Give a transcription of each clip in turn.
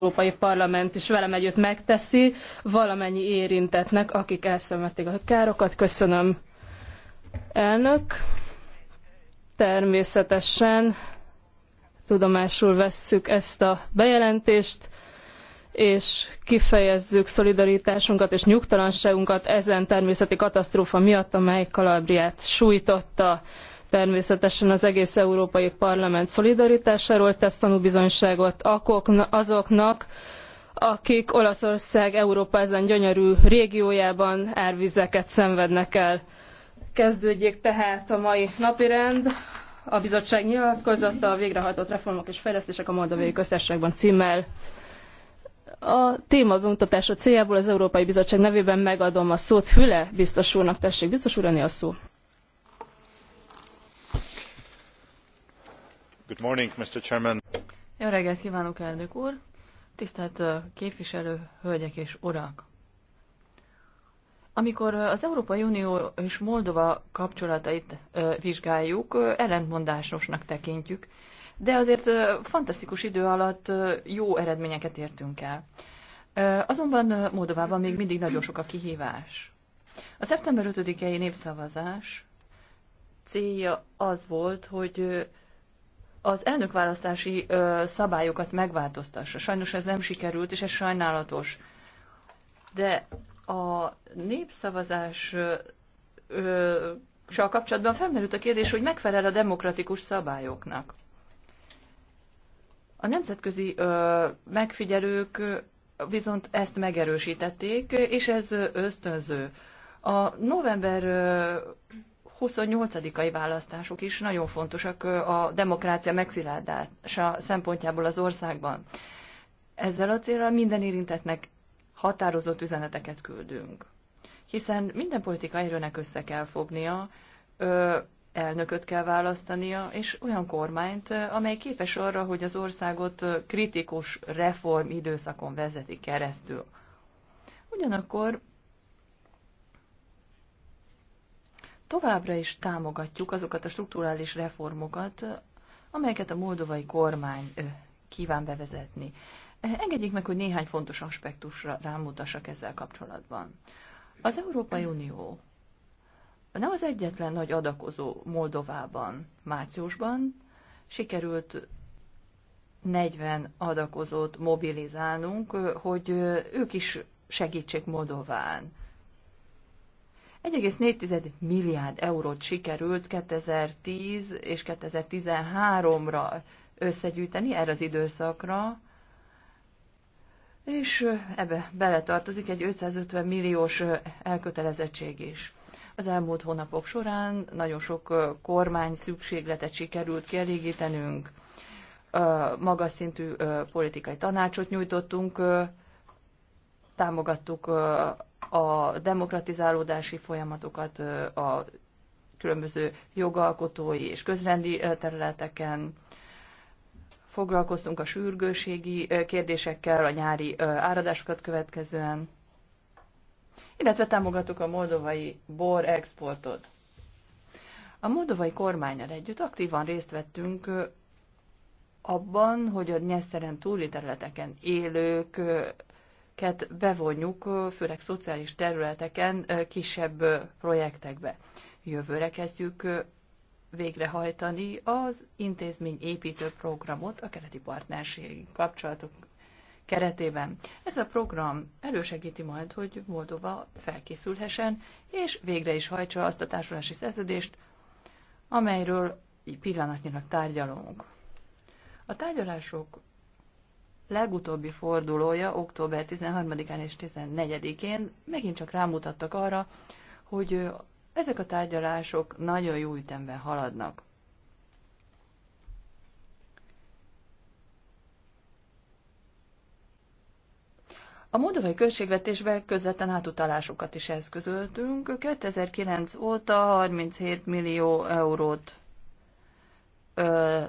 Európai Parlament is velem együtt megteszi, valamennyi érintetnek, akik elszenvedték a károkat. Köszönöm, elnök. Természetesen tudomásul vesszük ezt a bejelentést, és kifejezzük szolidaritásunkat és nyugtalanságunkat ezen természeti katasztrófa miatt, amely Kalabriát sújtotta. Természetesen az egész Európai Parlament szolidaritásáról tesz tanúbizonyságot azoknak, akik Olaszország Európa ezen gyönyörű régiójában árvizeket szenvednek el. Kezdődjék tehát a mai napirend. A bizottság nyilatkozata a végrehajtott reformok és fejlesztések a Moldovai Köztársaságban címmel. A téma bemutatása céljából az Európai Bizottság nevében megadom a szót Füle biztos úrnak. Tessék, biztos úr, a szó. Good morning, Mr. Chairman. Jó reggelt kívánok, elnök úr! Tisztelt képviselő, hölgyek és urak! Amikor az Európai Unió és Moldova kapcsolatait vizsgáljuk, ellentmondásosnak tekintjük, de azért fantasztikus idő alatt jó eredményeket értünk el. Azonban Moldovában még mindig nagyon sok a kihívás. A szeptember 5-i népszavazás célja az volt, hogy az elnökválasztási ö, szabályokat megváltoztassa. Sajnos ez nem sikerült, és ez sajnálatos. De a népszavazás ö, a kapcsolatban felmerült a kérdés, hogy megfelel a demokratikus szabályoknak. A nemzetközi ö, megfigyelők viszont ezt megerősítették, és ez ösztönző. A november 28-ai választások is nagyon fontosak a demokrácia megszilárdása szempontjából az országban. Ezzel a célral minden érintetnek határozott üzeneteket küldünk. Hiszen minden politikai erőnek össze kell fognia, elnököt kell választania, és olyan kormányt, amely képes arra, hogy az országot kritikus reform időszakon vezeti keresztül. Ugyanakkor továbbra is támogatjuk azokat a strukturális reformokat, amelyeket a moldovai kormány kíván bevezetni. Engedjék meg, hogy néhány fontos aspektusra rámutassak ezzel kapcsolatban. Az Európai Unió nem az egyetlen nagy adakozó Moldovában. Márciusban sikerült 40 adakozót mobilizálnunk, hogy ők is segítsék Moldován. 1,4 milliárd eurót sikerült 2010 és 2013-ra összegyűjteni erre az időszakra, és ebbe beletartozik egy 550 milliós elkötelezettség is. Az elmúlt hónapok során nagyon sok kormány szükségletet sikerült kielégítenünk, magas szintű politikai tanácsot nyújtottunk, támogattuk a demokratizálódási folyamatokat a különböző jogalkotói és közrendi területeken, foglalkoztunk a sürgőségi kérdésekkel, a nyári áradásokat következően, illetve támogattuk a moldovai bor exportot. A moldovai kormányal együtt aktívan részt vettünk abban, hogy a Nyeszteren túli területeken élők ket bevonjuk, főleg szociális területeken kisebb projektekbe. Jövőre kezdjük végrehajtani az intézmény építő programot a keleti partnerségi kapcsolatok keretében. Ez a program elősegíti majd, hogy Moldova felkészülhessen, és végre is hajtsa azt a társulási szerződést, amelyről pillanatnyilag tárgyalunk. A tárgyalások legutóbbi fordulója október 13-án és 14-én megint csak rámutattak arra, hogy ezek a tárgyalások nagyon jó ütemben haladnak. A moldovai költségvetésbe közvetlen átutalásokat is eszközöltünk. 2009 óta 37 millió eurót ö,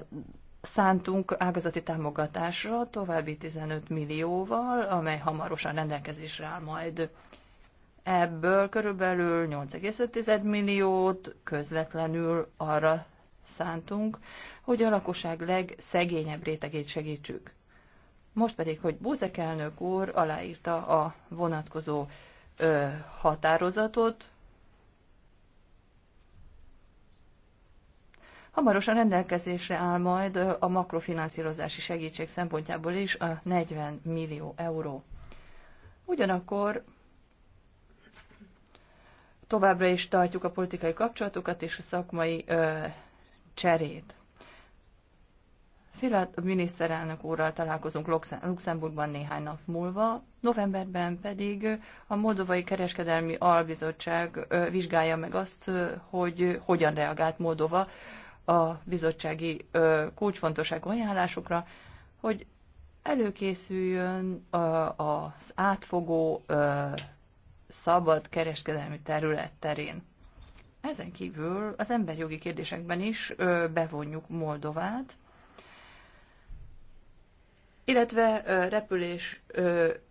szántunk ágazati támogatásra további 15 millióval, amely hamarosan rendelkezésre áll majd. Ebből körülbelül 8,5 milliót közvetlenül arra szántunk, hogy a lakosság legszegényebb rétegét segítsük. Most pedig, hogy Búzek elnök úr aláírta a vonatkozó ö, határozatot, Hamarosan rendelkezésre áll majd a makrofinanszírozási segítség szempontjából is a 40 millió euró. Ugyanakkor továbbra is tartjuk a politikai kapcsolatokat és a szakmai ö, cserét. Filat miniszterelnök úrral találkozunk Luxemburgban néhány nap múlva, novemberben pedig a Moldovai Kereskedelmi Albizottság vizsgálja meg azt, hogy hogyan reagált Moldova a bizottsági kulcsfontosságú ajánlásokra, hogy előkészüljön az átfogó szabad kereskedelmi terület terén. Ezen kívül az emberjogi kérdésekben is bevonjuk Moldovát, illetve repülés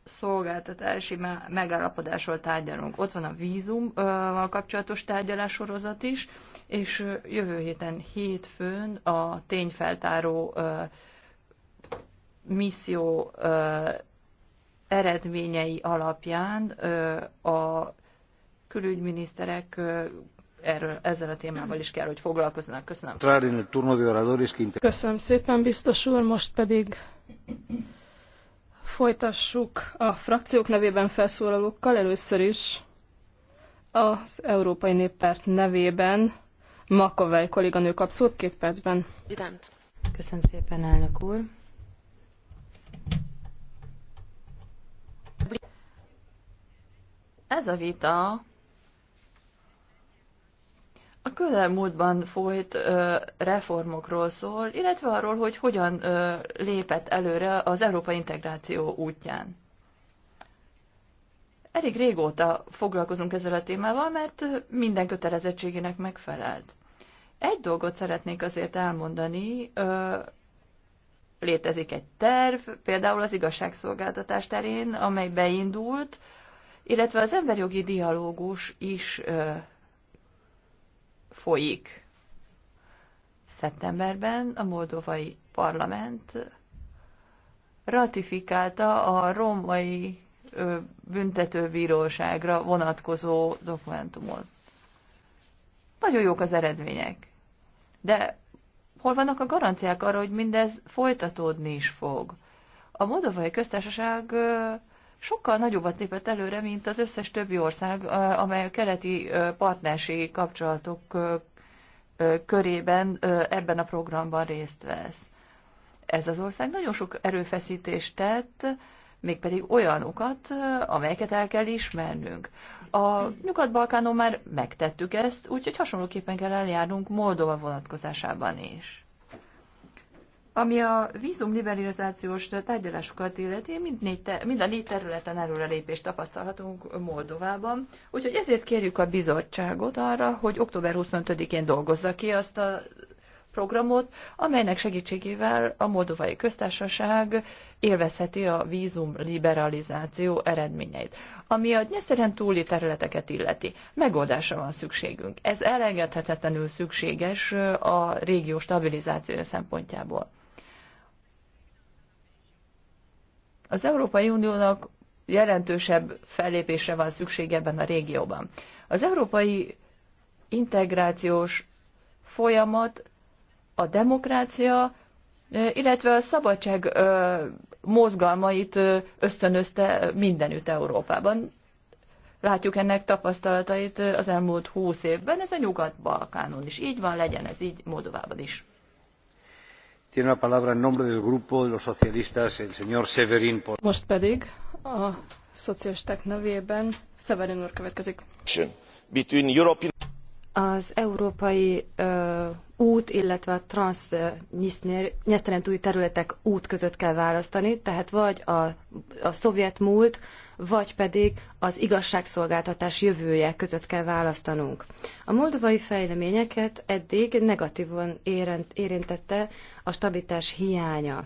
szolgáltatási megállapodásról tárgyalunk. Ott van a vízum vízummal kapcsolatos tárgyalássorozat is, és jövő héten hétfőn a tényfeltáró misszió eredményei alapján a külügyminiszterek erről, ezzel a témával is kell, hogy foglalkoznak. Köszönöm. Köszönöm szépen, biztos úr, most pedig Folytassuk a frakciók nevében felszólalókkal. Először is az Európai Néppárt nevében Makovej kolléganő kap szót két percben. Köszönöm szépen, elnök úr. Ez a vita a közelmúltban folyt ö, reformokról szól, illetve arról, hogy hogyan ö, lépett előre az Európa integráció útján. Elég régóta foglalkozunk ezzel a témával, mert minden kötelezettségének megfelelt. Egy dolgot szeretnék azért elmondani, ö, létezik egy terv, például az igazságszolgáltatás terén, amely beindult, illetve az emberjogi dialógus is ö, folyik. Szeptemberben a moldovai parlament ratifikálta a romai büntetőbíróságra vonatkozó dokumentumot. Nagyon jók az eredmények. De hol vannak a garanciák arra, hogy mindez folytatódni is fog? A Moldovai Köztársaság sokkal nagyobbat lépett előre, mint az összes többi ország, amely a keleti partnerségi kapcsolatok körében ebben a programban részt vesz. Ez az ország nagyon sok erőfeszítést tett, mégpedig olyanokat, amelyeket el kell ismernünk. A Nyugat-Balkánon már megtettük ezt, úgyhogy hasonlóképpen kell eljárnunk Moldova vonatkozásában is. Ami a vízum liberalizációs tárgyalásokat illeti, mind, négy te, mind a négy területen előrelépést tapasztalhatunk Moldovában. Úgyhogy ezért kérjük a bizottságot arra, hogy október 25-én dolgozza ki azt a programot, amelynek segítségével a Moldovai Köztársaság élvezheti a vízum liberalizáció eredményeit. Ami a nyeszeren túli területeket illeti, megoldásra van szükségünk. Ez elengedhetetlenül szükséges a régió stabilizációja szempontjából. Az Európai Uniónak jelentősebb fellépésre van szüksége ebben a régióban. Az európai integrációs folyamat a demokrácia, illetve a szabadság mozgalmait ösztönözte mindenütt Európában. Látjuk ennek tapasztalatait az elmúlt húsz évben, ez a Nyugat-Balkánon is így van, legyen ez így Moldovában is. Most pedig a szocialisták nevében Severin úr következik. Az európai út, illetve a transznyeszterent új területek út között kell választani, tehát vagy a, a szovjet múlt, vagy pedig az igazságszolgáltatás jövője között kell választanunk. A moldovai fejleményeket eddig negatívan érintette a stabilitás hiánya.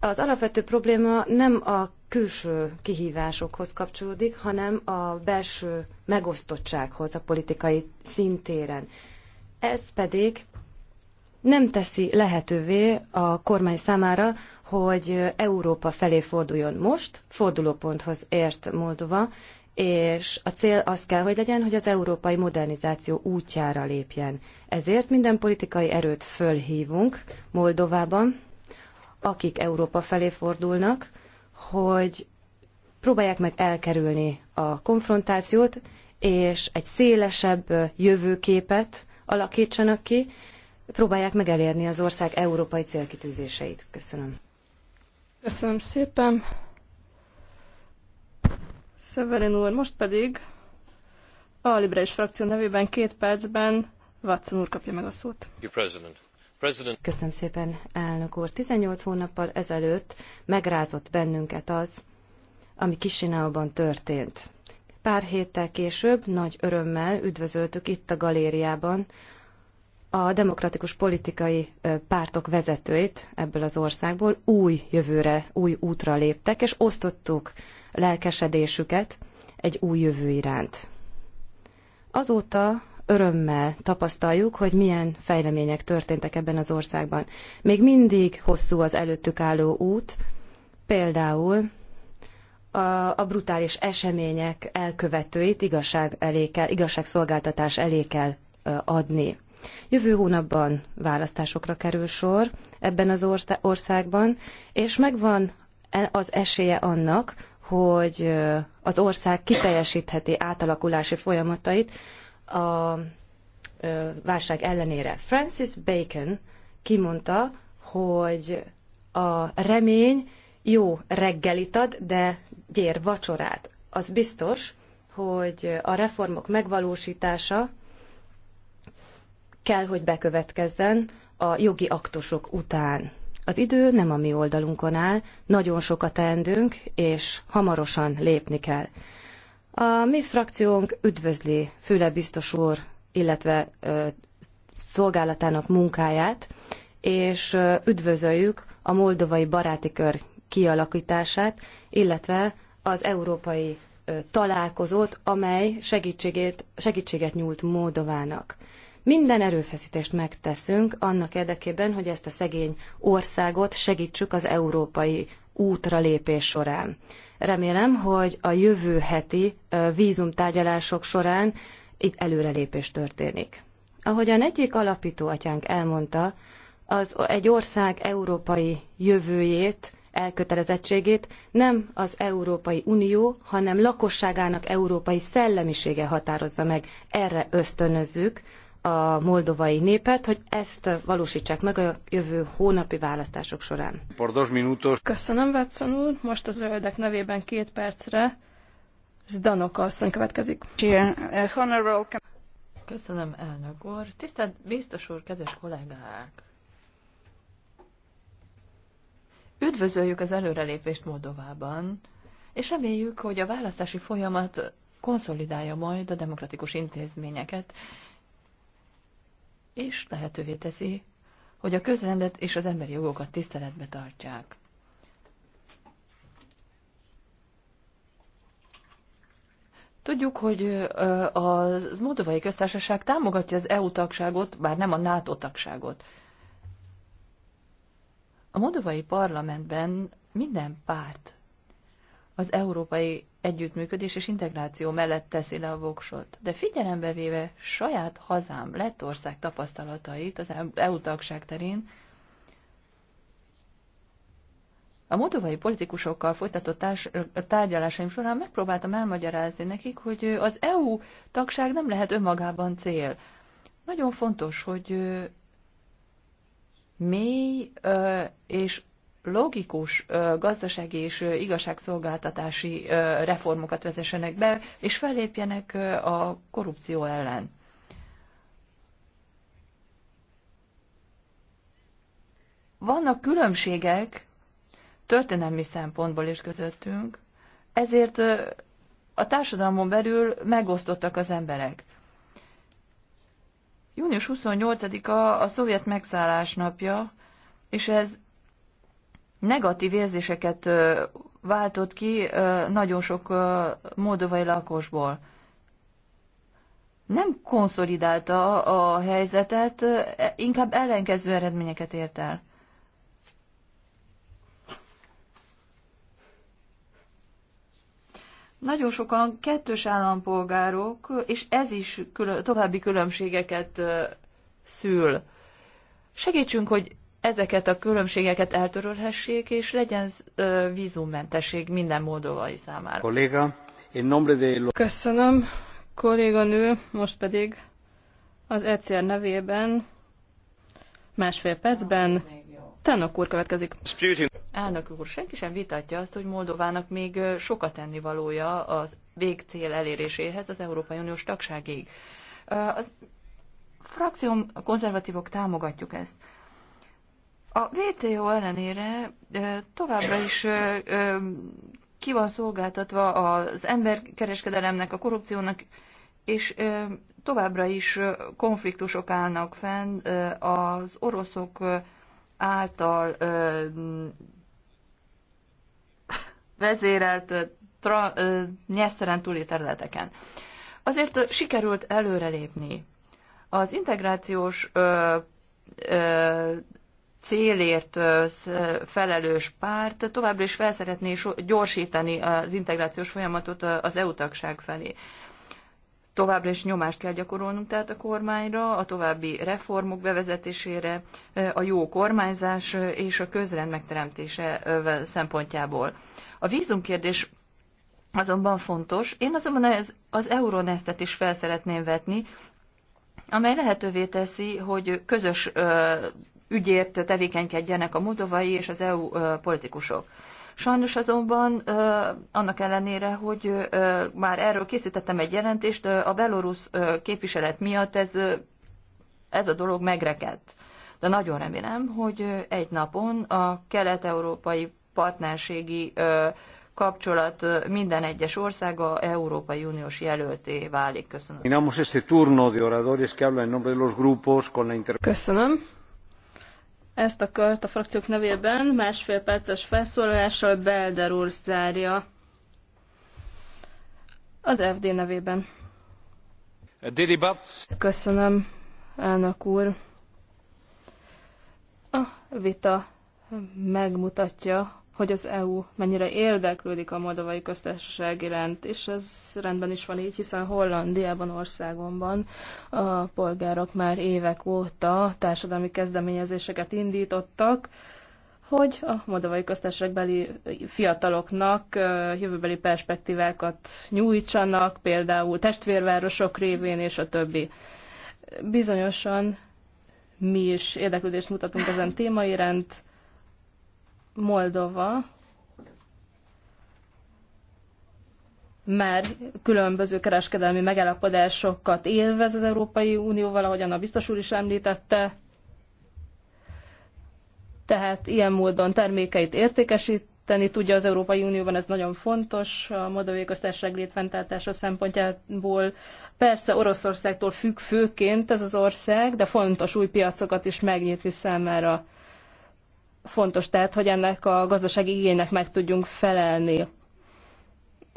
Az alapvető probléma nem a külső kihívásokhoz kapcsolódik, hanem a belső megosztottsághoz a politikai szintéren. Ez pedig nem teszi lehetővé a kormány számára, hogy Európa felé forduljon most, fordulóponthoz ért Moldova, és a cél az kell, hogy legyen, hogy az európai modernizáció útjára lépjen. Ezért minden politikai erőt fölhívunk Moldovában, akik Európa felé fordulnak, hogy próbálják meg elkerülni a konfrontációt, és egy szélesebb jövőképet alakítsanak ki, próbálják meg elérni az ország európai célkitűzéseit. Köszönöm. Köszönöm szépen. Szeverin úr, most pedig a liberális frakció nevében két percben Watson úr kapja meg a szót. Köszönöm szépen, elnök úr. 18 hónappal ezelőtt megrázott bennünket az, ami Kisinában történt. Pár héttel később nagy örömmel üdvözöltük itt a galériában a demokratikus politikai pártok vezetőit ebből az országból új jövőre, új útra léptek, és osztottuk lelkesedésüket egy új jövő iránt. Azóta örömmel tapasztaljuk, hogy milyen fejlemények történtek ebben az országban. Még mindig hosszú az előttük álló út, például a, a brutális események elkövetőit igazság elé kell, igazságszolgáltatás elé kell adni. Jövő hónapban választásokra kerül sor ebben az országban, és megvan e- az esélye annak, hogy az ország kiteljesítheti átalakulási folyamatait a válság ellenére. Francis Bacon kimondta, hogy a remény jó reggelit ad, de gyér vacsorát. Az biztos, hogy a reformok megvalósítása kell, hogy bekövetkezzen a jogi aktusok után. Az idő nem a mi oldalunkon áll, nagyon sokat teendünk, és hamarosan lépni kell. A mi frakciónk üdvözli Füle biztos úr, illetve ö, szolgálatának munkáját, és ö, üdvözöljük a moldovai baráti kör kialakítását, illetve az európai ö, találkozót, amely segítséget nyújt Moldovának. Minden erőfeszítést megteszünk annak érdekében, hogy ezt a szegény országot segítsük az európai útra lépés során. Remélem, hogy a jövő heti vízumtárgyalások során itt előrelépés történik. Ahogyan egyik alapító atyánk elmondta, az egy ország európai jövőjét, elkötelezettségét nem az Európai Unió, hanem lakosságának európai szellemisége határozza meg. Erre ösztönözzük a moldovai népet, hogy ezt valósítsák meg a jövő hónapi választások során. Köszönöm, Watson úr. Most a zöldek nevében két percre Zdanok asszony következik. Köszönöm, elnök úr. Tisztelt biztos úr, kedves kollégák! Üdvözöljük az előrelépést Moldovában, és reméljük, hogy a választási folyamat konszolidálja majd a demokratikus intézményeket, és lehetővé teszi, hogy a közrendet és az emberi jogokat tiszteletbe tartják. Tudjuk, hogy a Moldovai Köztársaság támogatja az EU tagságot, bár nem a NATO tagságot. A Moldovai Parlamentben minden párt az európai együttműködés és integráció mellett teszi le a voksot. De figyelembe véve saját hazám Lettország tapasztalatait az EU e tagság terén, a moldovai politikusokkal folytatott tárgyalásaim során megpróbáltam elmagyarázni nekik, hogy az EU tagság nem lehet önmagában cél. Nagyon fontos, hogy mély és logikus gazdasági és igazságszolgáltatási reformokat vezessenek be, és fellépjenek a korrupció ellen. Vannak különbségek történelmi szempontból is közöttünk, ezért a társadalmon belül megosztottak az emberek. Június 28-a a szovjet megszállás napja, és ez negatív érzéseket váltott ki nagyon sok moldovai lakosból. Nem konszolidálta a helyzetet, inkább ellenkező eredményeket ért el. Nagyon sokan kettős állampolgárok, és ez is külön, további különbségeket szül. Segítsünk, hogy ezeket a különbségeket eltörölhessék, és legyen vízummentesség minden moldovai számára. Kolléga, én nombre de... Köszönöm, kolléganő, most pedig az ECR nevében másfél percben Tannok úr következik. Elnök úr, senki sem vitatja azt, hogy Moldovának még sokat tennivalója az végcél eléréséhez az Európai Uniós tagságig. A frakcióm, konzervatívok támogatjuk ezt. A VTO ellenére továbbra is ki van szolgáltatva az emberkereskedelemnek, a korrupciónak, és továbbra is konfliktusok állnak fenn az oroszok által vezérelt tra- nyeszteren túli területeken. Azért sikerült előrelépni. Az integrációs célért felelős párt továbbra is felszeretné gyorsítani az integrációs folyamatot az EU-tagság felé. Továbbra is nyomást kell gyakorolnunk tehát a kormányra, a további reformok bevezetésére, a jó kormányzás és a közrend megteremtése szempontjából. A vízumkérdés azonban fontos. Én azonban az, az Euronestet is felszeretném vetni, amely lehetővé teszi, hogy közös ügyért tevékenykedjenek a moldovai és az EU politikusok. Sajnos azonban annak ellenére, hogy már erről készítettem egy jelentést, a belorusz képviselet miatt ez, ez a dolog megrekedt. De nagyon remélem, hogy egy napon a kelet-európai partnerségi kapcsolat minden egyes országa Európai Uniós jelölté válik. Köszönöm. Köszönöm. Ezt a kört a frakciók nevében másfél perces felszólalással Belder úr zárja az FD nevében. Köszönöm, elnök úr. A vita megmutatja, hogy az EU mennyire érdeklődik a moldovai köztársaság iránt, és ez rendben is van így, hiszen Hollandiában, országomban a polgárok már évek óta társadalmi kezdeményezéseket indítottak, hogy a moldovai köztársaságbeli fiataloknak jövőbeli perspektívákat nyújtsanak, például testvérvárosok révén és a többi. Bizonyosan mi is érdeklődést mutatunk ezen téma iránt, Moldova mert különböző kereskedelmi megállapodásokat élvez az Európai Unióval, ahogyan a biztos úr is említette. Tehát ilyen módon termékeit értékesíteni tudja az Európai Unióban, ez nagyon fontos a moldovai létfenntartása szempontjából. Persze Oroszországtól függ főként ez az ország, de fontos új piacokat is megnyitni számára. Fontos tehát, hogy ennek a gazdasági igénynek meg tudjunk felelni.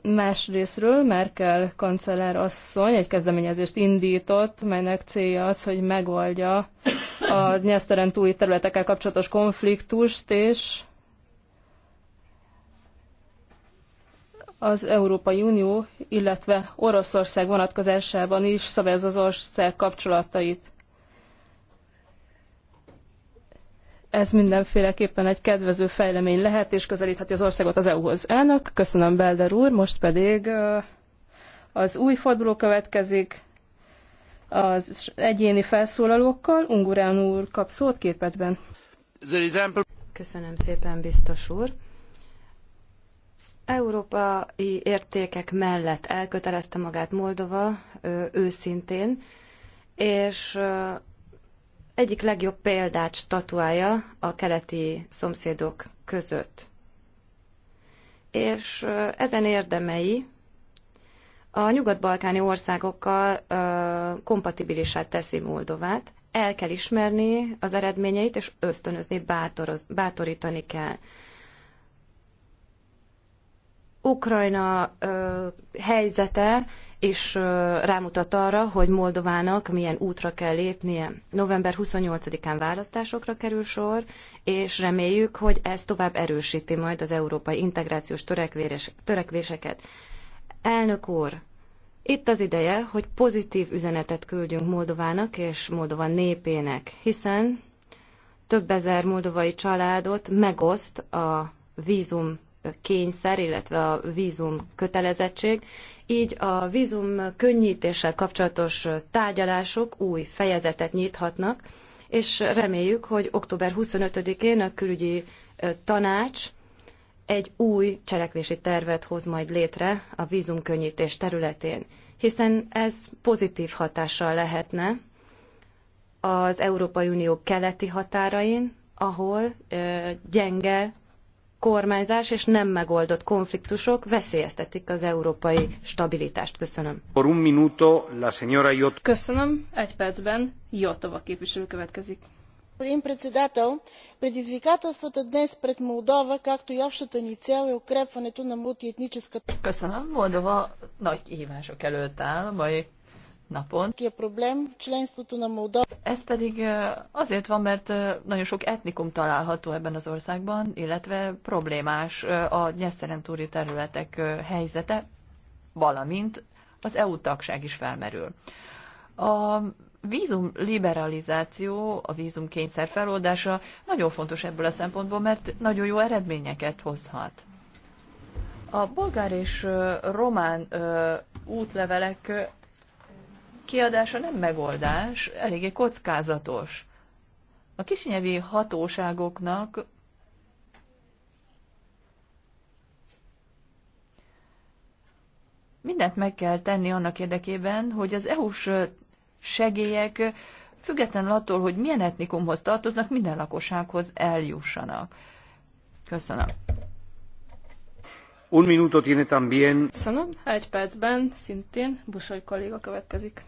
Másrésztről Merkel kancellár asszony egy kezdeményezést indított, melynek célja az, hogy megoldja a Nyeszteren túli területekkel kapcsolatos konfliktust, és az Európai Unió, illetve Oroszország vonatkozásában is szabályozza az ország kapcsolatait. ez mindenféleképpen egy kedvező fejlemény lehet, és közelítheti az országot az EU-hoz. Elnök, köszönöm Belder úr, most pedig az új forduló következik az egyéni felszólalókkal. Ungurán úr kap szót két percben. Köszönöm szépen, biztos úr. Európai értékek mellett elkötelezte magát Moldova őszintén, és egyik legjobb példát statuálja a keleti szomszédok között. És ezen érdemei a nyugat-balkáni országokkal kompatibilisát teszi Moldovát. El kell ismerni az eredményeit, és ösztönözni, bátoroz, bátorítani kell. Ukrajna ö, helyzete és rámutat arra, hogy Moldovának milyen útra kell lépnie. November 28-án választásokra kerül sor, és reméljük, hogy ez tovább erősíti majd az európai integrációs törekvéseket. Elnök úr, itt az ideje, hogy pozitív üzenetet küldjünk Moldovának és Moldova népének, hiszen több ezer moldovai családot megoszt a vízum kényszer, illetve a vízum kötelezettség, így a vízum könnyítéssel kapcsolatos tárgyalások új fejezetet nyithatnak, és reméljük, hogy október 25-én a külügyi tanács egy új cselekvési tervet hoz majd létre a vízumkönnyítés területén, hiszen ez pozitív hatással lehetne az Európai Unió keleti határain, ahol gyenge kormányzás és nem megoldott konfliktusok veszélyeztetik az európai stabilitást. Köszönöm. Por un minuto, la señora Jot... Köszönöm. Egy percben Jotova képviselő következik. Господин председател, предизвикателствата днес пред Молдова, както и общата ни цел е укрепването на мултиетническата... Köszönöm, Moldova nagy kihívások előtt áll, napon. Ez pedig azért van, mert nagyon sok etnikum található ebben az országban, illetve problémás a nyeszteren túri területek helyzete, valamint az EU tagság is felmerül. A vízum liberalizáció, a vízum kényszer feloldása nagyon fontos ebből a szempontból, mert nagyon jó eredményeket hozhat. A bolgár és román útlevelek kiadása nem megoldás, eléggé kockázatos. A kisnyelvi hatóságoknak mindent meg kell tenni annak érdekében, hogy az EU-s segélyek függetlenül attól, hogy milyen etnikumhoz tartoznak, minden lakossághoz eljussanak. Köszönöm. Un minuto tiene también. Köszönöm. Egy percben szintén Busoly kolléga következik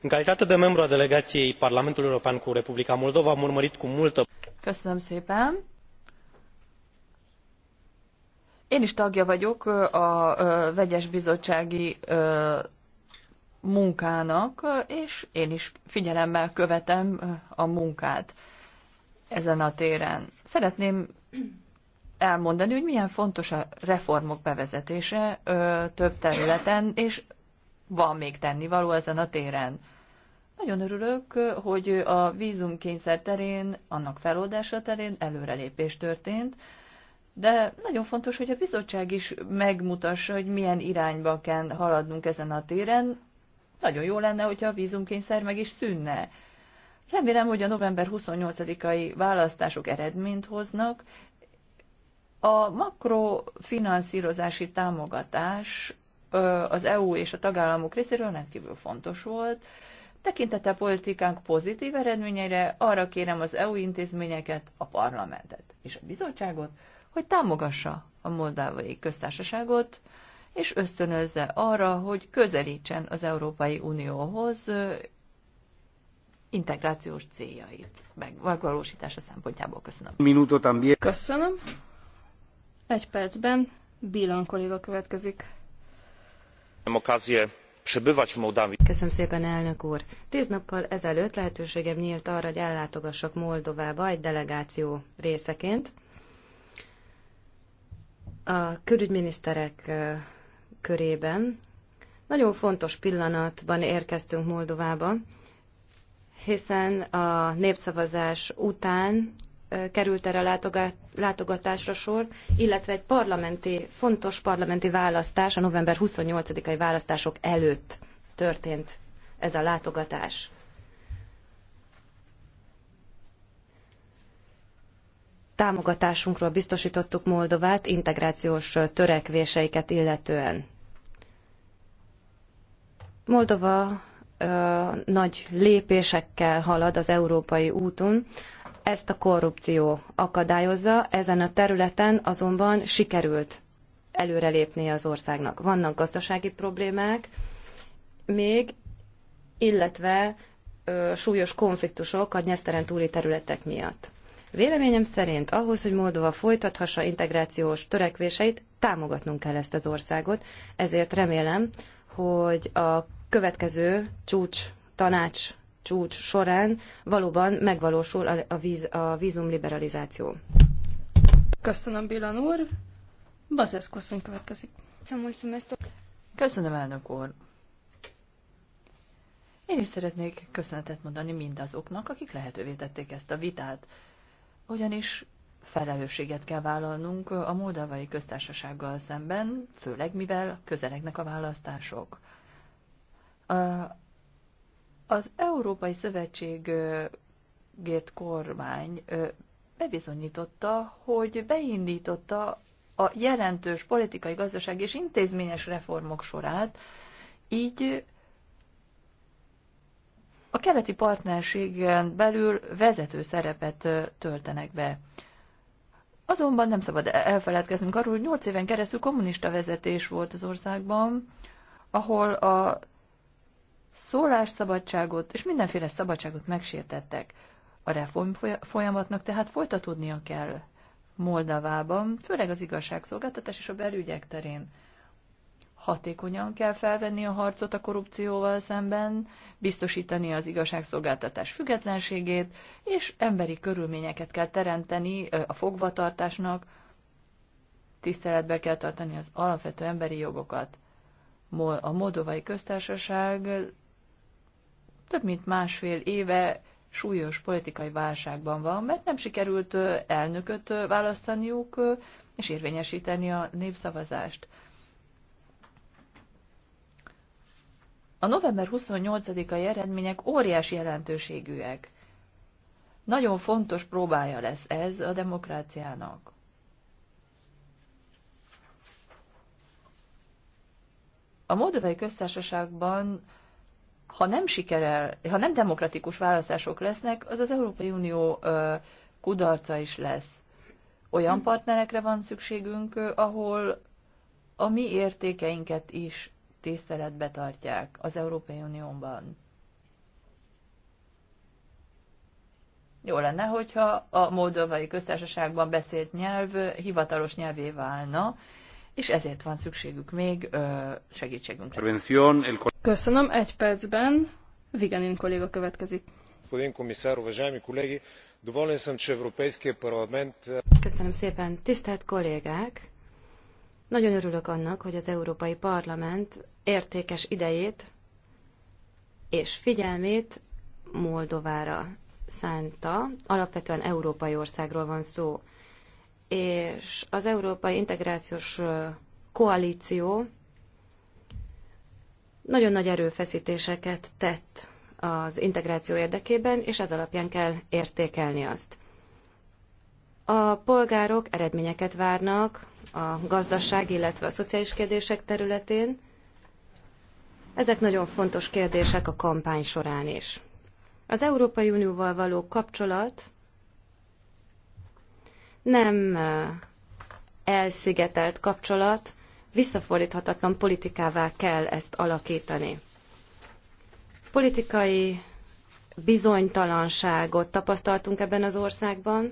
în calitate de membru al delegaiei parlamentului european cu republica moldova am urmărit cu multă én is tagja vagyok a vegyes bizottsági munkának, és én is figyelemmel követem a munkát ezen a téren. Szeretném elmondani, hogy milyen fontos a reformok bevezetése több területen, és van még tennivaló ezen a téren. Nagyon örülök, hogy a vízumkényszer terén, annak feloldása terén előrelépés történt, de nagyon fontos, hogy a bizottság is megmutassa, hogy milyen irányba kell haladnunk ezen a téren. Nagyon jó lenne, hogyha a vízumkényszer meg is szűnne. Remélem, hogy a november 28-ai választások eredményt hoznak. A makrofinanszírozási támogatás az EU és a tagállamok részéről rendkívül fontos volt. Tekintete politikánk pozitív eredményeire arra kérem az EU intézményeket, a parlamentet és a bizottságot, hogy támogassa a moldávai köztársaságot, és ösztönözze arra, hogy közelítsen az Európai Unióhoz integrációs céljait megvalósítása szempontjából. Köszönöm. Minutot Köszönöm. Egy percben Bílan kolléga következik. Köszönöm szépen, elnök úr. Tíz nappal ezelőtt lehetőségem nyílt arra, hogy ellátogassak Moldovába egy delegáció részeként. A külügyminiszterek körében nagyon fontos pillanatban érkeztünk Moldovába, hiszen a népszavazás után került erre a látogatásra sor, illetve egy parlamenti, fontos parlamenti választás, a november 28-ai választások előtt történt ez a látogatás. Támogatásunkról biztosítottuk Moldovát integrációs törekvéseiket illetően. Moldova nagy lépésekkel halad az európai úton. Ezt a korrupció akadályozza, ezen a területen azonban sikerült előrelépnie az országnak. Vannak gazdasági problémák, még, illetve ö, súlyos konfliktusok a nyeszteren túli területek miatt. Véleményem szerint ahhoz, hogy Moldova folytathassa integrációs törekvéseit, támogatnunk kell ezt az országot, ezért remélem, hogy a következő csúcs tanács csúcs során valóban megvalósul a, víz, a vízumliberalizáció. Köszönöm, Bélan úr. Bazeszko következik. Köszönöm, elnök úr. Én is szeretnék köszönetet mondani mindazoknak, akik lehetővé tették ezt a vitát. Ugyanis felelősséget kell vállalnunk a moldavai köztársasággal szemben, főleg mivel közelegnek a választások. Az Európai szövetség Szövetségért kormány bebizonyította, hogy beindította a jelentős politikai, gazdasági és intézményes reformok sorát, így a keleti partnerségen belül vezető szerepet töltenek be. Azonban nem szabad elfeledkeznünk arról, hogy 8 éven keresztül kommunista vezetés volt az országban, ahol a szólásszabadságot és mindenféle szabadságot megsértettek. A reform folyamatnak tehát folytatódnia kell Moldavában, főleg az igazságszolgáltatás és a belügyek terén. Hatékonyan kell felvenni a harcot a korrupcióval szemben, biztosítani az igazságszolgáltatás függetlenségét, és emberi körülményeket kell teremteni a fogvatartásnak, tiszteletbe kell tartani az alapvető emberi jogokat. A Moldovai Köztársaság több mint másfél éve súlyos politikai válságban van, mert nem sikerült elnököt választaniuk és érvényesíteni a népszavazást. A november 28-ai eredmények óriási jelentőségűek. Nagyon fontos próbája lesz ez a demokráciának. A Moldovai Köztársaságban ha nem sikerel, ha nem demokratikus választások lesznek, az az Európai Unió kudarca is lesz. Olyan partnerekre van szükségünk, ahol a mi értékeinket is tiszteletbe tartják az Európai Unióban. Jó lenne, hogyha a Moldovai Köztársaságban beszélt nyelv hivatalos nyelvé válna, és ezért van szükségük még ö, segítségünkre. Köszönöm, egy percben Viganin kolléga következik. Köszönöm szépen, tisztelt kollégák! Nagyon örülök annak, hogy az Európai Parlament értékes idejét és figyelmét Moldovára szánta. Alapvetően európai országról van szó és az Európai Integrációs Koalíció nagyon nagy erőfeszítéseket tett az integráció érdekében, és ez alapján kell értékelni azt. A polgárok eredményeket várnak a gazdaság, illetve a szociális kérdések területén. Ezek nagyon fontos kérdések a kampány során is. Az Európai Unióval való kapcsolat nem elszigetelt kapcsolat, visszafordíthatatlan politikává kell ezt alakítani. Politikai bizonytalanságot tapasztaltunk ebben az országban,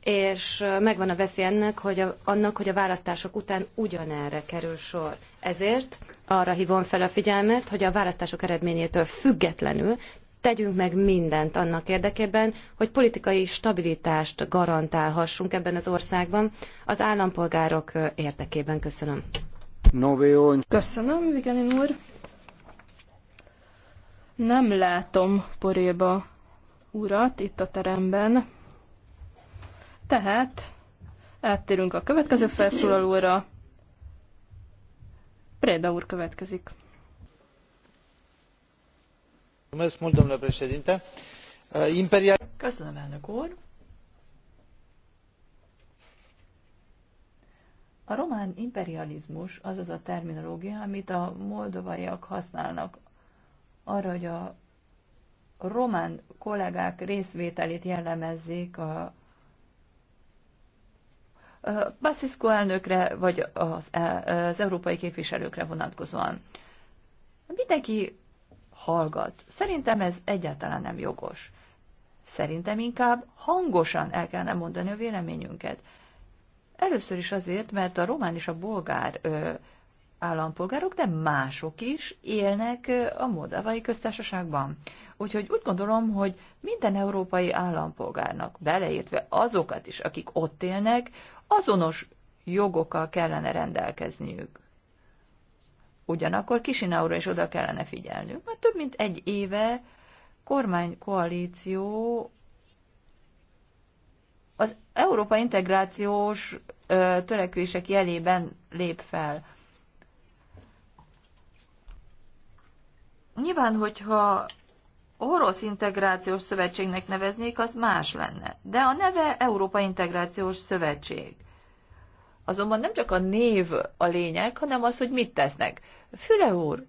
és megvan a veszély ennek, hogy a, annak, hogy a választások után ugyanerre kerül sor. Ezért arra hívom fel a figyelmet, hogy a választások eredményétől függetlenül tegyünk meg mindent annak érdekében, hogy politikai stabilitást garantálhassunk ebben az országban az állampolgárok érdekében. Köszönöm. Köszönöm, Vigenin úr. Nem látom Poréba urat itt a teremben. Tehát áttérünk a következő felszólalóra. Preda úr következik. Uh, Köszönöm, A román imperializmus az az a terminológia, amit a moldovaiak használnak arra, hogy a román kollégák részvételét jellemezzék a Basziszko elnökre, vagy az, e, az európai képviselőkre vonatkozóan. Mindenki hallgat. Szerintem ez egyáltalán nem jogos. Szerintem inkább hangosan el kellene mondani a véleményünket. Először is azért, mert a román és a bolgár ö, állampolgárok, de mások is élnek a Moldavai köztársaságban. Úgyhogy úgy gondolom, hogy minden európai állampolgárnak, beleértve azokat is, akik ott élnek, azonos jogokkal kellene rendelkezniük. Ugyanakkor Kisinaura is oda kellene figyelnünk, mert több mint egy éve kormánykoalíció az Európa integrációs ö, törekvések jelében lép fel. Nyilván, hogyha orosz integrációs szövetségnek neveznék, az más lenne. De a neve Európa Integrációs Szövetség. Azonban nem csak a név a lényeg, hanem az, hogy mit tesznek. Füle úr,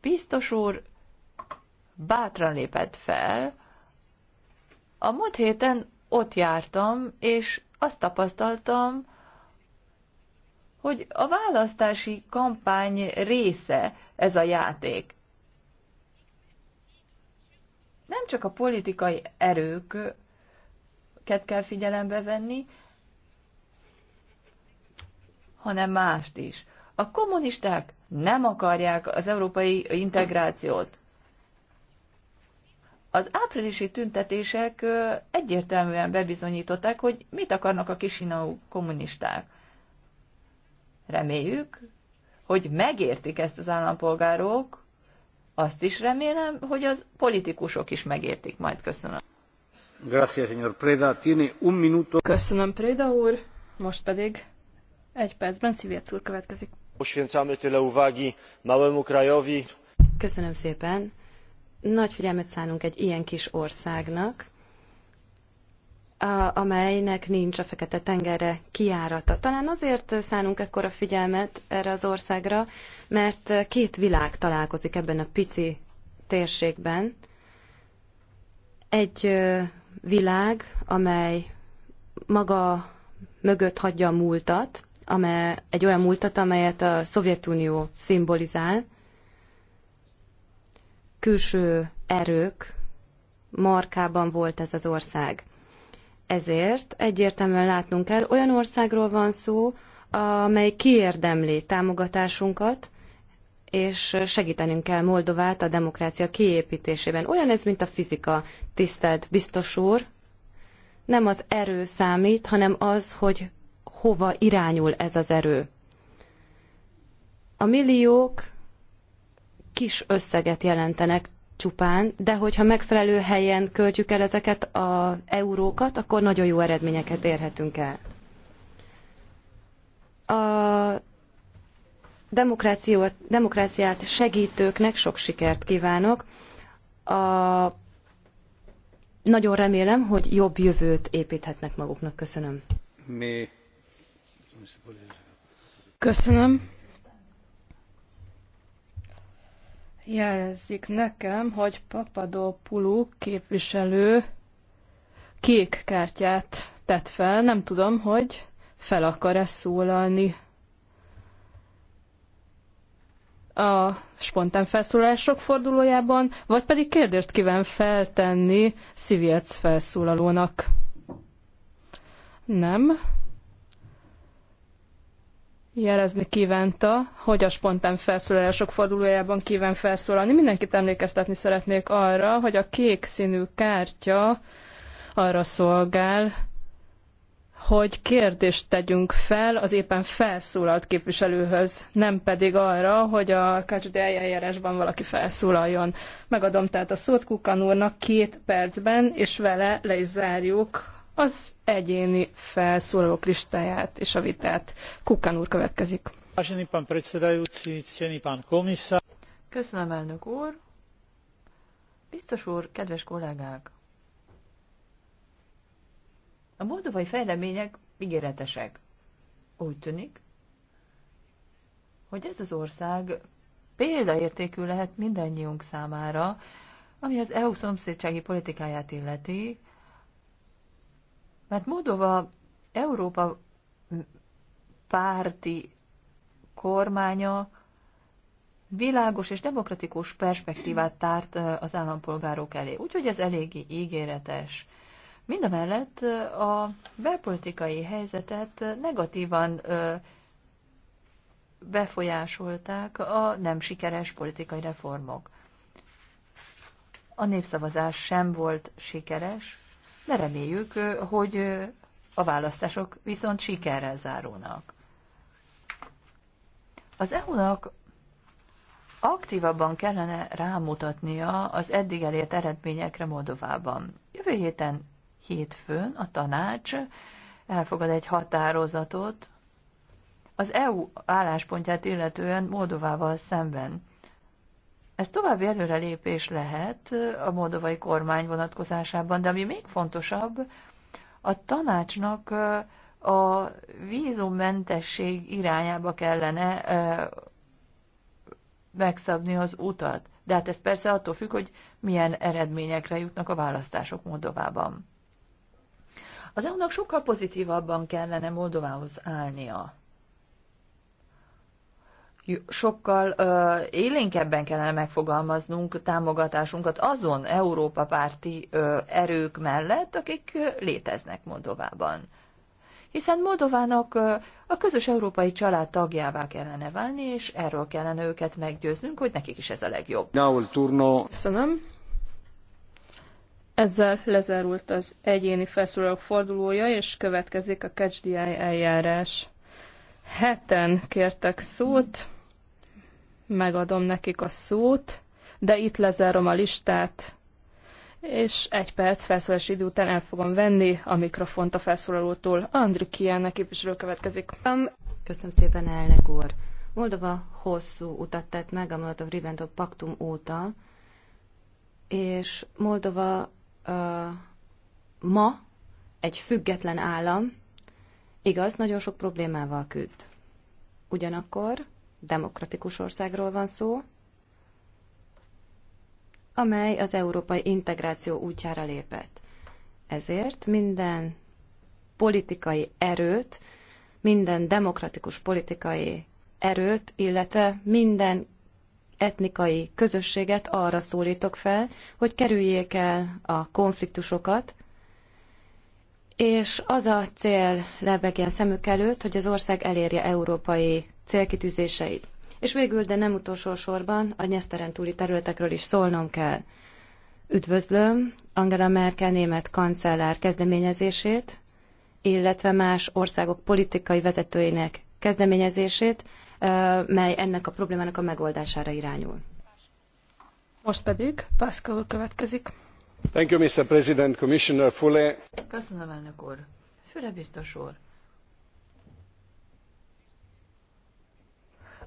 biztos úr bátran lépett fel. A múlt héten ott jártam, és azt tapasztaltam, hogy a választási kampány része ez a játék. Nem csak a politikai erőket kell figyelembe venni, hanem mást is. A kommunisták nem akarják az európai integrációt. Az áprilisi tüntetések egyértelműen bebizonyították, hogy mit akarnak a kisinau kommunisták. Reméljük, hogy megértik ezt az állampolgárok, azt is remélem, hogy az politikusok is megértik. Majd köszönöm. Gracias, señor Preda. Tiene un minuto. Köszönöm, Preda úr. Most pedig egy percben Szivjec úr következik poświęcamy tyle uwagi małemu krajowi. Köszönöm szépen. Nagy figyelmet szánunk egy ilyen kis országnak, a, amelynek nincs a fekete tengerre kijárata. Talán azért szánunk ekkora figyelmet erre az országra, mert két világ találkozik ebben a pici térségben. Egy világ, amely maga mögött hagyja a múltat, amely, egy olyan múltat, amelyet a Szovjetunió szimbolizál. Külső erők markában volt ez az ország. Ezért egyértelműen látnunk kell, olyan országról van szó, amely kiérdemli támogatásunkat, és segítenünk kell Moldovát a demokrácia kiépítésében. Olyan ez, mint a fizika, tisztelt biztos úr. Nem az erő számít, hanem az, hogy hova irányul ez az erő. A milliók kis összeget jelentenek csupán, de hogyha megfelelő helyen költjük el ezeket az eurókat, akkor nagyon jó eredményeket érhetünk el. A demokráciát segítőknek sok sikert kívánok. A, nagyon remélem, hogy jobb jövőt építhetnek maguknak. Köszönöm. Mi Köszönöm. Jelezik nekem, hogy Papadopoulou képviselő kék kártyát tett fel. Nem tudom, hogy fel akar-e szólalni. a spontán felszólalások fordulójában, vagy pedig kérdést kíván feltenni Sziviec felszólalónak? Nem jelezni kívánta, hogy a spontán felszólalások fordulójában kíván felszólalni. Mindenkit emlékeztetni szeretnék arra, hogy a kék színű kártya arra szolgál, hogy kérdést tegyünk fel az éppen felszólalt képviselőhöz, nem pedig arra, hogy a KCD eljárásban valaki felszólaljon. Megadom tehát a szót Kukan úrnak két percben, és vele le is zárjuk az egyéni felszólalók listáját és a vitát. Kukán úr következik. Köszönöm, elnök úr. Biztos úr, kedves kollégák! A moldovai fejlemények ígéretesek. Úgy tűnik, hogy ez az ország példaértékű lehet mindannyiunk számára, ami az EU szomszédsági politikáját illeti, mert Moldova Európa párti kormánya világos és demokratikus perspektívát tárt az állampolgárok elé. Úgyhogy ez eléggé ígéretes. Mind a mellett a belpolitikai helyzetet negatívan befolyásolták a nem sikeres politikai reformok. A népszavazás sem volt sikeres, de reméljük, hogy a választások viszont sikerrel zárulnak. Az EU-nak aktívabban kellene rámutatnia az eddig elért eredményekre Moldovában. Jövő héten hétfőn a tanács elfogad egy határozatot az EU álláspontját illetően Moldovával szemben. Ez további előrelépés lehet a moldovai kormány vonatkozásában, de ami még fontosabb, a tanácsnak a vízummentesség irányába kellene megszabni az utat. De hát ez persze attól függ, hogy milyen eredményekre jutnak a választások Moldovában. Az EU-nak sokkal pozitívabban kellene Moldovához állnia sokkal ö, élénkebben kellene megfogalmaznunk támogatásunkat azon Európa párti ö, erők mellett, akik ö, léteznek Moldovában. Hiszen Moldovának ö, a közös európai család tagjává kellene válni, és erről kellene őket meggyőznünk, hogy nekik is ez a legjobb. Köszönöm. Ezzel lezárult az egyéni felszólalók fordulója, és következik a catch eljárás heten kértek szót megadom nekik a szót, de itt lezárom a listát, és egy perc felszólási idő után el fogom venni a mikrofont a felszólalótól. Andri Kiennek képviselő következik. Um, Köszönöm szépen, elnök úr. Moldova hosszú utat tett meg a Molotov-Ribbentrop paktum óta, és Moldova uh, ma egy független állam, igaz, nagyon sok problémával küzd. Ugyanakkor demokratikus országról van szó, amely az európai integráció útjára lépett. Ezért minden politikai erőt, minden demokratikus politikai erőt, illetve minden etnikai közösséget arra szólítok fel, hogy kerüljék el a konfliktusokat, és az a cél lebegjen szemük előtt, hogy az ország elérje európai célkitűzéseit. És végül, de nem utolsó sorban, a nyeszteren túli területekről is szólnom kell. Üdvözlöm Angela Merkel német kancellár kezdeményezését, illetve más országok politikai vezetőinek kezdeményezését, mely ennek a problémának a megoldására irányul. Most pedig Pascal következik. Thank you, Mr. President, Commissioner Fuller. Köszönöm, elnök úr. Füle biztos úr.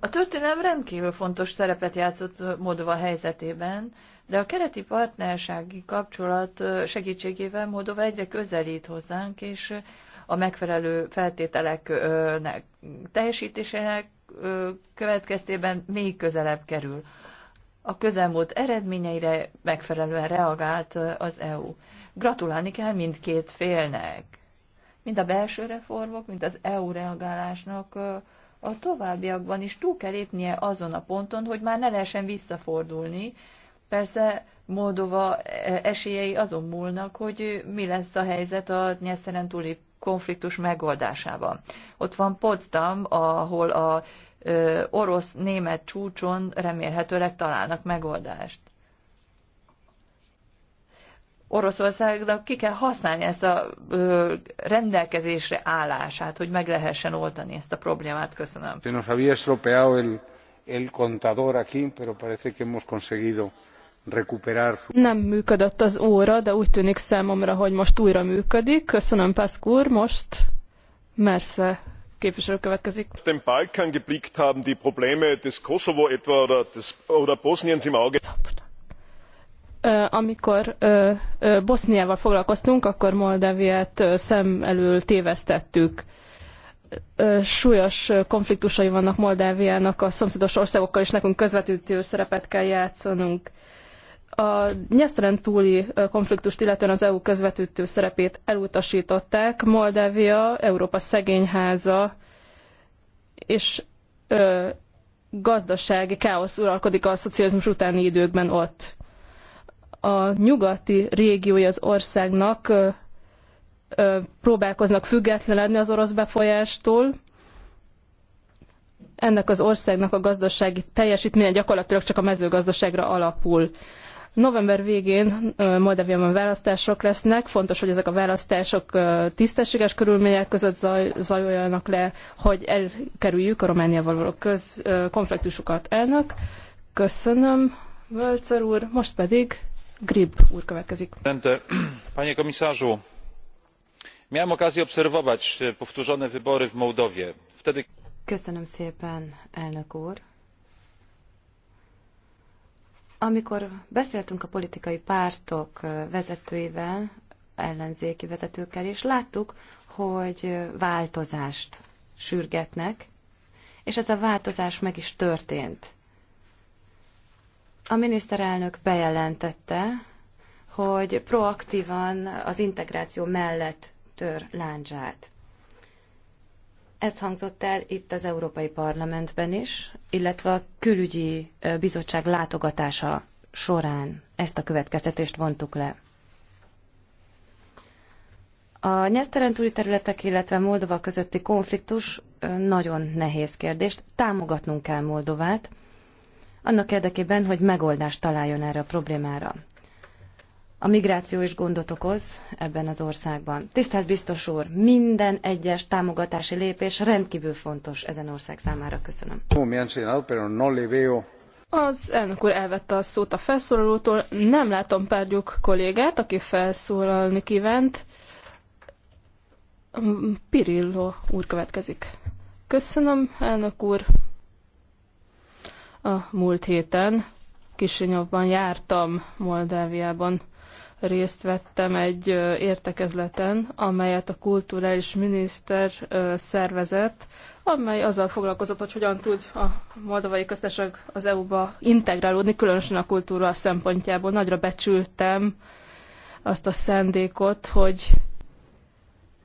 A történelem rendkívül fontos szerepet játszott Modova helyzetében, de a keleti partnersági kapcsolat segítségével Modova egyre közelít hozzánk, és a megfelelő feltételeknek teljesítésének következtében még közelebb kerül. A közelmúlt eredményeire megfelelően reagált az EU. Gratulálni kell mindkét félnek, mind a belső reformok, mind az EU reagálásnak a továbbiakban is túl kell lépnie azon a ponton, hogy már ne lehessen visszafordulni. Persze Moldova eh, esélyei azon múlnak, hogy mi lesz a helyzet a nyeszeren túli konfliktus megoldásában. Ott van Potsdam, ahol a eh, orosz-német csúcson remélhetőleg találnak megoldást. Oroszországnak ki kell használni ezt a ö, rendelkezésre állását, hogy meg lehessen oldani ezt a problémát. Köszönöm. Se nos había estropeado el, el contador aquí, pero parece que hemos conseguido recuperar. Nem működött az óra, de úgy tűnik számomra, hogy most újra működik. Köszönöm, Pászkúr, most Mersze képviselő következik. Den Balkán geblickt haben die Probleme des Kosovo etwa oder, des, oder Bosniens im Auge amikor Boszniával foglalkoztunk, akkor Moldáviát szem elől tévesztettük. Súlyos konfliktusai vannak Moldáviának a szomszédos országokkal, és nekünk közvetítő szerepet kell játszanunk. A nyesztelen túli konfliktust, illetően az EU közvetítő szerepét elutasították. Moldávia, Európa szegényháza, és ö, gazdasági káosz uralkodik a szocializmus utáni időkben ott a nyugati régiói az országnak próbálkoznak független lenni az orosz befolyástól. Ennek az országnak a gazdasági teljesítménye gyakorlatilag csak a mezőgazdaságra alapul. November végén Moldáviában választások lesznek, fontos, hogy ezek a választások tisztességes körülmények között zaj, zajoljanak le, hogy elkerüljük a Romániával való köz, konfliktusokat. Elnök, köszönöm, Völcer úr, most pedig Panie komisarzu, miałem okazję obserwować powtórzone wybory w Mołdowie. Wtedy... Köszönöm szépen, elnök úr. Amikor beszéltünk a politikai pártok vezetőivel, ellenzéki vezetőkkel, és láttuk, hogy változást sürgetnek, és ez a változás meg is történt. A miniszterelnök bejelentette, hogy proaktívan az integráció mellett tör láncsát. Ez hangzott el itt az Európai Parlamentben is, illetve a külügyi bizottság látogatása során ezt a következtetést vontuk le. A nyeszteren túli területek, illetve Moldova közötti konfliktus nagyon nehéz kérdést. Támogatnunk kell Moldovát, annak érdekében, hogy megoldást találjon erre a problémára. A migráció is gondot okoz ebben az országban. Tisztelt biztos úr, minden egyes támogatási lépés rendkívül fontos ezen ország számára. Köszönöm. Az elnök úr elvette a szót a felszólalótól. Nem látom Párgyuk kollégát, aki felszólalni kívánt. Pirillo úr következik. Köszönöm, elnök úr. A múlt héten Kisinyovban jártam, Moldáviában részt vettem egy értekezleten, amelyet a kulturális miniszter szervezett, amely azzal foglalkozott, hogy hogyan tud a moldovai köztesek az EU-ba integrálódni, különösen a kultúra szempontjából. Nagyra becsültem azt a szándékot, hogy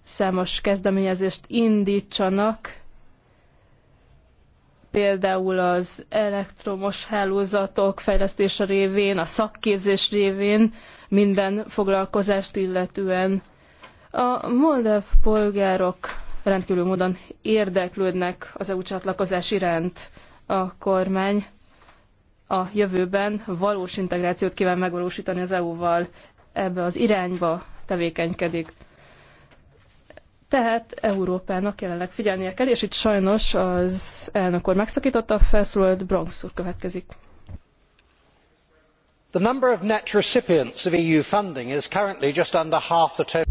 számos kezdeményezést indítsanak, például az elektromos hálózatok fejlesztése révén, a szakképzés révén, minden foglalkozást illetően. A moldáv polgárok rendkívül módon érdeklődnek az EU csatlakozás iránt a kormány a jövőben valós integrációt kíván megvalósítani az EU-val ebbe az irányba tevékenykedik. Tehát Európának jelenleg figyelnie kell, és itt sajnos az elnök úr megszakította a felszólalt Bronx úr következik. The number of net recipients of EU funding is currently just under half the total.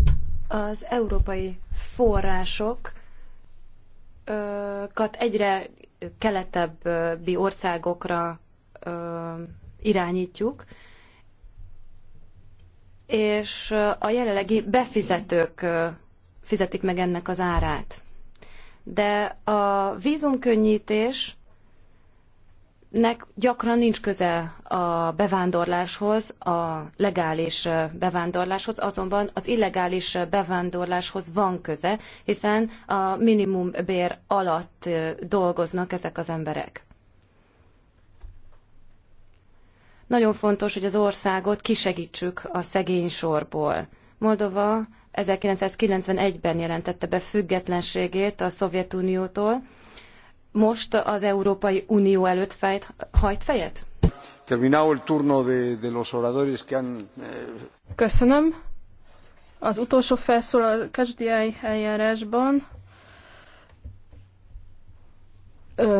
Az európai forrásokat egyre keletebbi országokra irányítjuk, és a jelenlegi befizetők fizetik meg ennek az árát. De a vízumkönnyítés gyakran nincs köze a bevándorláshoz, a legális bevándorláshoz, azonban az illegális bevándorláshoz van köze, hiszen a minimum bér alatt dolgoznak ezek az emberek. Nagyon fontos, hogy az országot kisegítsük a szegény sorból. Moldova 1991-ben jelentette be függetlenségét a Szovjetuniótól. Most az Európai Unió előtt fejt, hajt fejet? Terminado el turno de, de los oradores que han... Eh, Köszönöm. Az utolsó felszólal KSDI eljárásban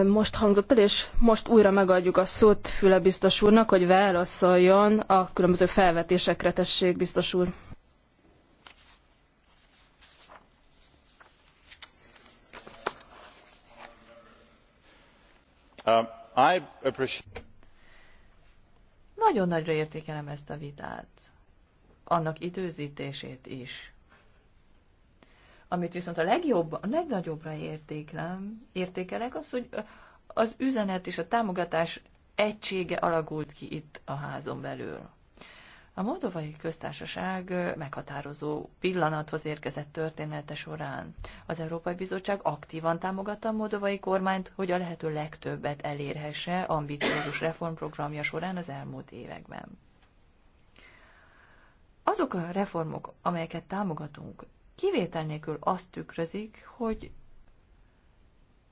most hangzott el, és most újra megadjuk a szót Füle biztos úrnak, hogy válaszoljon a különböző felvetésekre, tessék biztos úr. Um, Nagyon nagyra értékelem ezt a vitát, annak időzítését is. Amit viszont a legjobb, a legnagyobbra értékelem, értékelek az, hogy az üzenet és a támogatás egysége alakult ki itt a házon belül. A Moldovai Köztársaság meghatározó pillanathoz érkezett története során. Az Európai Bizottság aktívan támogatta a moldovai kormányt, hogy a lehető legtöbbet elérhesse ambiciózus reformprogramja során az elmúlt években. Azok a reformok, amelyeket támogatunk, kivétel nélkül azt tükrözik, hogy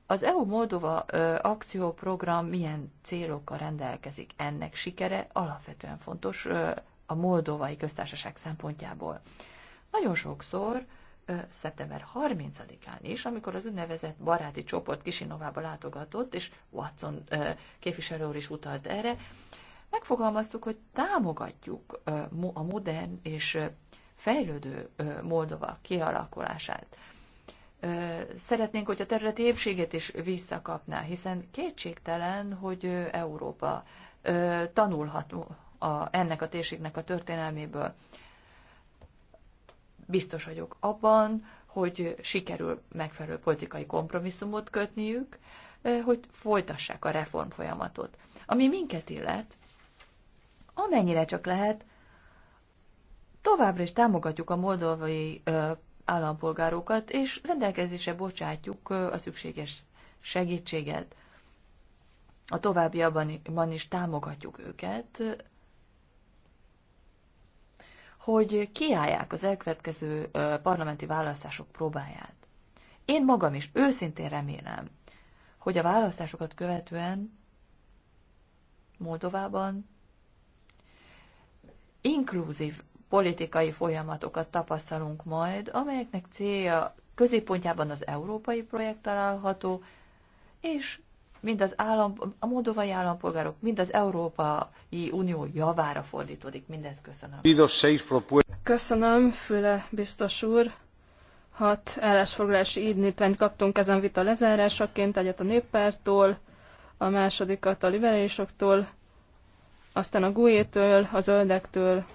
az EU-Moldova akcióprogram milyen célokkal rendelkezik? Ennek sikere alapvetően fontos a Moldovai Köztársaság szempontjából. Nagyon sokszor szeptember 30-án is, amikor az úgynevezett baráti csoport Kisinovába látogatott, és Watson képviselő úr is utalt erre, megfogalmaztuk, hogy támogatjuk a modern és fejlődő Moldova kialakulását. Szeretnénk, hogy a területi épséget is visszakapná, hiszen kétségtelen, hogy Európa tanulhat a, ennek a térségnek a történelméből. Biztos vagyok abban, hogy sikerül megfelelő politikai kompromisszumot kötniük, eh, hogy folytassák a reform folyamatot. Ami minket illet, amennyire csak lehet, továbbra is támogatjuk a moldovai eh, állampolgárokat, és rendelkezésre bocsátjuk eh, a szükséges segítséget. A továbbiakban is támogatjuk őket hogy kiállják az elkövetkező parlamenti választások próbáját. Én magam is őszintén remélem, hogy a választásokat követően Moldovában inkluzív politikai folyamatokat tapasztalunk majd, amelyeknek célja középpontjában az európai projekt található, és mind az állam, a moldovai állampolgárok, mind az Európai Unió javára fordítódik. Mindez köszönöm. Köszönöm, Füle biztos úr. Hat állásfoglalási ídnítványt kaptunk ezen vita lezárásaként, egyet a néppártól, a másodikat a liberálisoktól, aztán a GUE-től, a zöldektől,